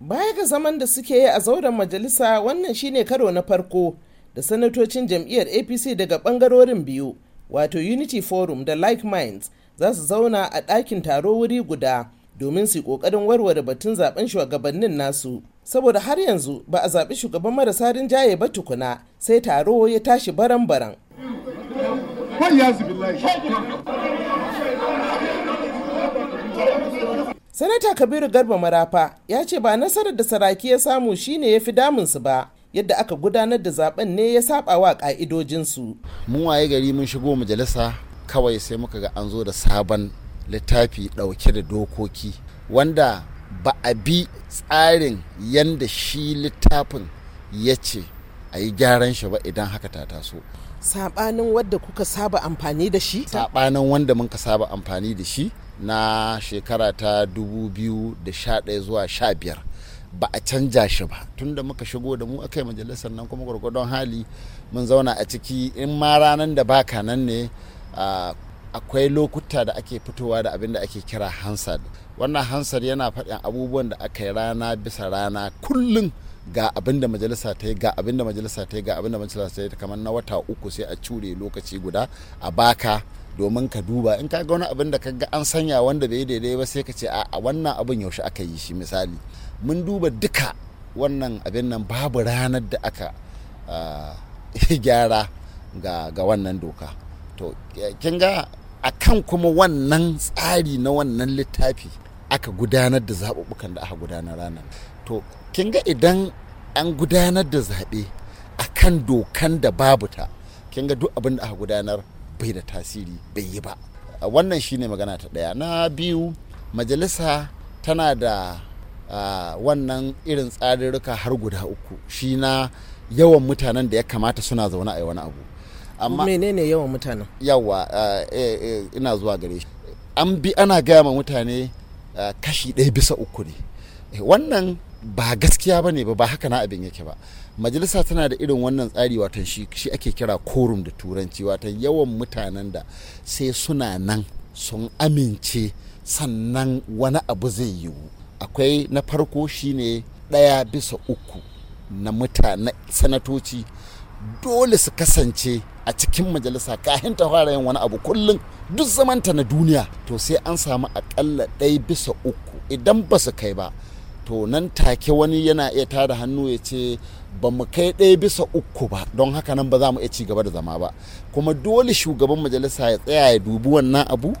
baya ga zaman da suke yi a zauren majalisa wannan shine karo na farko da sanatocin jam'iyyar apc daga bangarorin biyu wato unity forum da like minds za su zauna a ɗakin taro wuri guda domin su ƙoƙarin warware batun zaben shugabannin nasu saboda har yanzu ba a zaɓi shugaban marasa rinjaye ba tukuna sai taro ya tashi baran-baran sanata kabiru garba marafa ya ce ba nasarar da saraki ya samu shine ya fi damunsu ba yadda aka gudanar da zaben ne ya saba wa ka'idojinsu mu waye gari mun shigo majalisa kawai sai muka ga an zo da sabon littafi dauke da dokoki wanda ba a bi tsarin yadda shi littafin ya ce a yi gyaran shi ba idan haka ta taso sabanin wadda kuka saba amfani da shi sabanin wanda muka saba amfani da shi na shekara ta 2011 zuwa 15 ba a canja shi ba tun da muka shigo da mu aka yi majalisar nan kuma gwargwadon hali mun zauna a ciki in ma ranar da baka nan ne akwai lokuta da ake fitowa da abin da ake kira hansar wannan hansar yana faɗin abubuwan da aka yi rana bisa rana kullum ga abin da majalisa ta yi ga abin da majalisa ta yi ga abin da majalisa ta yi kamar na wata uku sai a cure lokaci guda a baka domin ka duba in ka ga wani abin da ka ga an sanya wanda bai daidai ba sai ka ce a wannan abin yaushe aka yi shi misali mun duba duka wannan abin nan babu ranar da aka ah, gyara ga, ga wannan doka to kin ga a kan kuma wannan tsari na wannan littafi aka gudanar da zaɓuɓɓukan da aka gudanar ranar to kin ga idan an gudanar da zaɓe a kan dokan da babu ta kin ga duk abin da aka gudanar bai da tasiri bai yi ba wannan shine magana ta ɗaya na biyu majalisa tana da wannan irin tsarirruka har guda uku shi na yawan mutanen da ya kamata suna zaune a wani abu amma menene yawan mutanen yawa e, e, ina zuwa gare shi an bi ana gaya ma mutane kashi ɗaya bisa uku ne eh, wannan ba gaskiya ba ne ba ba haka na abin yake ba majalisa tana da irin wannan tsari watan shi, shi ake kira korum da turanci watan yawan mutanen da sai suna nan sun amince sannan wani abu zai yiwu akwai na farko shine ɗaya bisa uku na mutane sanatoci dole su kasance a cikin majalisa kahin ta fara yin wani abu kullum duk zamanta na duniya to sai an samu aƙalla ɗaya bisa uku idan ba su kai ba to nan take wani yana iya tara hannu ya ce ba mu kai ɗaya bisa uku ba don haka nan ba za mu iya ci gaba da zama ba kuma dole shugaban majalisa ya tsaya ya dubi wannan abu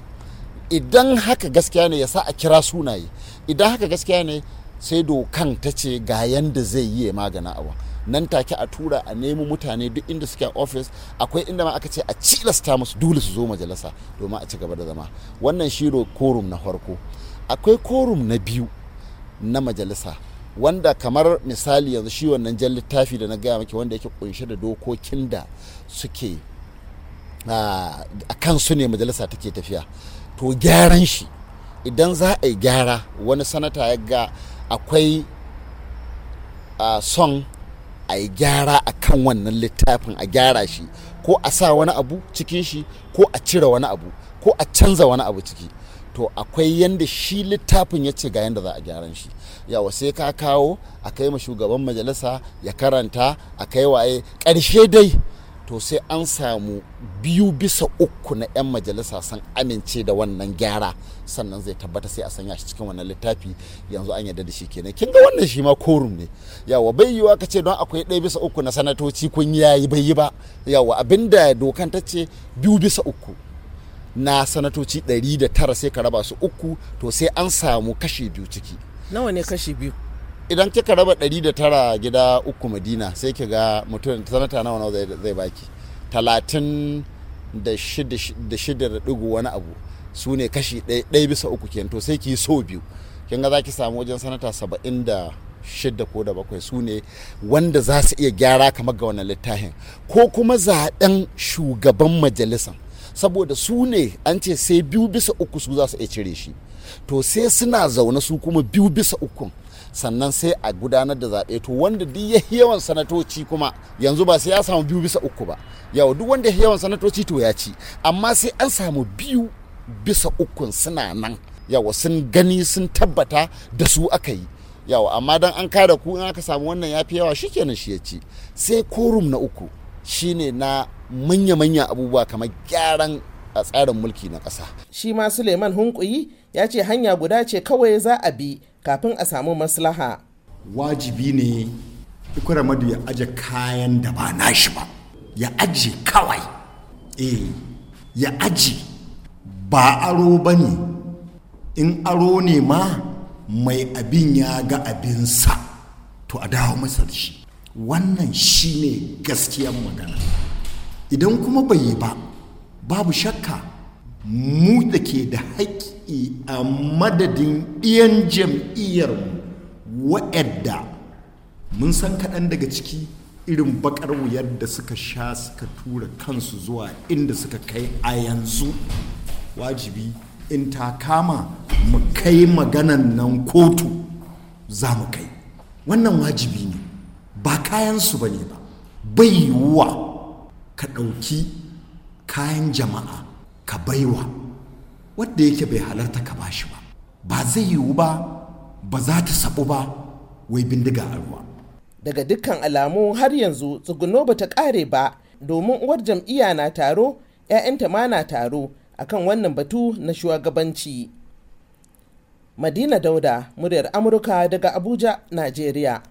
idan haka gaskiya ne ya sa a kira sunaye idan haka gaskiya ne sai dokan ta ce ga yanda zai yi magana a nan take a tura a nemi mutane duk inda suke a ofis akwai inda ma aka ce a cilasta musu dole su zo majalisa domin a ci gaba da zama wannan shi korum na farko akwai korum na biyu na majalisa wanda kamar misali yanzu shi wannan jan littafi da na gaya maki wanda yake kunshe da dokokin da suke a su ne majalisa take tafiya to gyaran shi idan za a yi gyara wani sanata ya ga akwai son a yi gyara a kan wannan littafin a gyara shi ko a sa wani abu cikin shi ko a cire wani abu ko a canza wani abu ciki to akwai yanda shi littafin ya ce ga yanda za a gyaran shi yawa sai ka kawo a kai ma shugaban majalisa ya karanta a kai waye ƙarshe dai to sai an samu biyu bisa uku na 'yan majalisa sun amince da wannan gyara sannan zai tabbata sai a sanya shi cikin wannan littafi yanzu an yadda da shi kenan kin ga wannan shi ma korum ne yawa bai yiwa ka ce don akwai ɗaya bisa uku na sanatoci kun yayi bai yi ba yawa abinda dokan ta ce biyu bisa uku na sanatoci 109 sai ka raba su uku to sai an samu kashi biyu ciki nawa ne kashi biyu idan kika raba 109 gida uku madina sai ki ga mutum sanata nawa nawa zai baki 36.1 wani abu su ne kashi ɗaya bisa uku kenan to sai ki yi so biyu kin ga za ki samu wajen sanata saba'in da ko da bakwai su ne wanda za su iya gyara kamar ga wannan littafin ko kuma zaɓen shugaban majalisan saboda su ne an ce sai biyu bisa uku su za su iya cire shi to sai suna zaune su kuma biyu bisa ukun sannan sai a gudanar da zaɓe to wanda duk ya yawan sanatoci kuma yanzu ba sai ya samu biyu bisa uku ba yawa duk wanda ya yawan sanatoci to ya ci amma sai an samu biyu bisa ukun suna nan yawa sun gani sun tabbata da su aka yi yawa amma dan an kada ku in aka samu wannan ya fi yawa shikenan shi ya ci sai korum na uku shine na manya-manya abubuwa kamar gyaran a tsarin mulki na ƙasa. Shi ma Suleiman Hunkuyi ya ce hanya guda ce kawai za a bi kafin a samu maslaha. Wajibi ne Ikura Madu ya aje kayan da ba nashi ba, ya aje kawai, eh, ya aje ba aro ba ne, in aro ne ma mai abin ya ga abinsa, to a dawo masa da shi. wannan shi ne gaskiyar magana idan kuma bai yi ba babu shakka mu da ke da haƙƙi a madadin ɗiyan jam'iyyarmu wa'adda mun san kaɗan daga ciki irin bakar wuyar da suka sha suka tura kansu zuwa inda suka kai a yanzu wajibi in ta kama mu kai maganan nan kotu za mu kai wannan wajibi ba kayansu ba ne ba bai yiwuwa ka ɗauki kayan jama'a ka baiwa wadda yake bai halarta ka ba shi ba ba zai yiwu ba ba za ta sabu ba wai bindiga a ruwa daga dukkan alamu har yanzu tsuguno ba ta ƙare ba domin uwar jam'iyya na taro 'ya'yanta ma na taro a kan wannan batu na shugabanci madina dauda muryar amurka daga abuja najeriya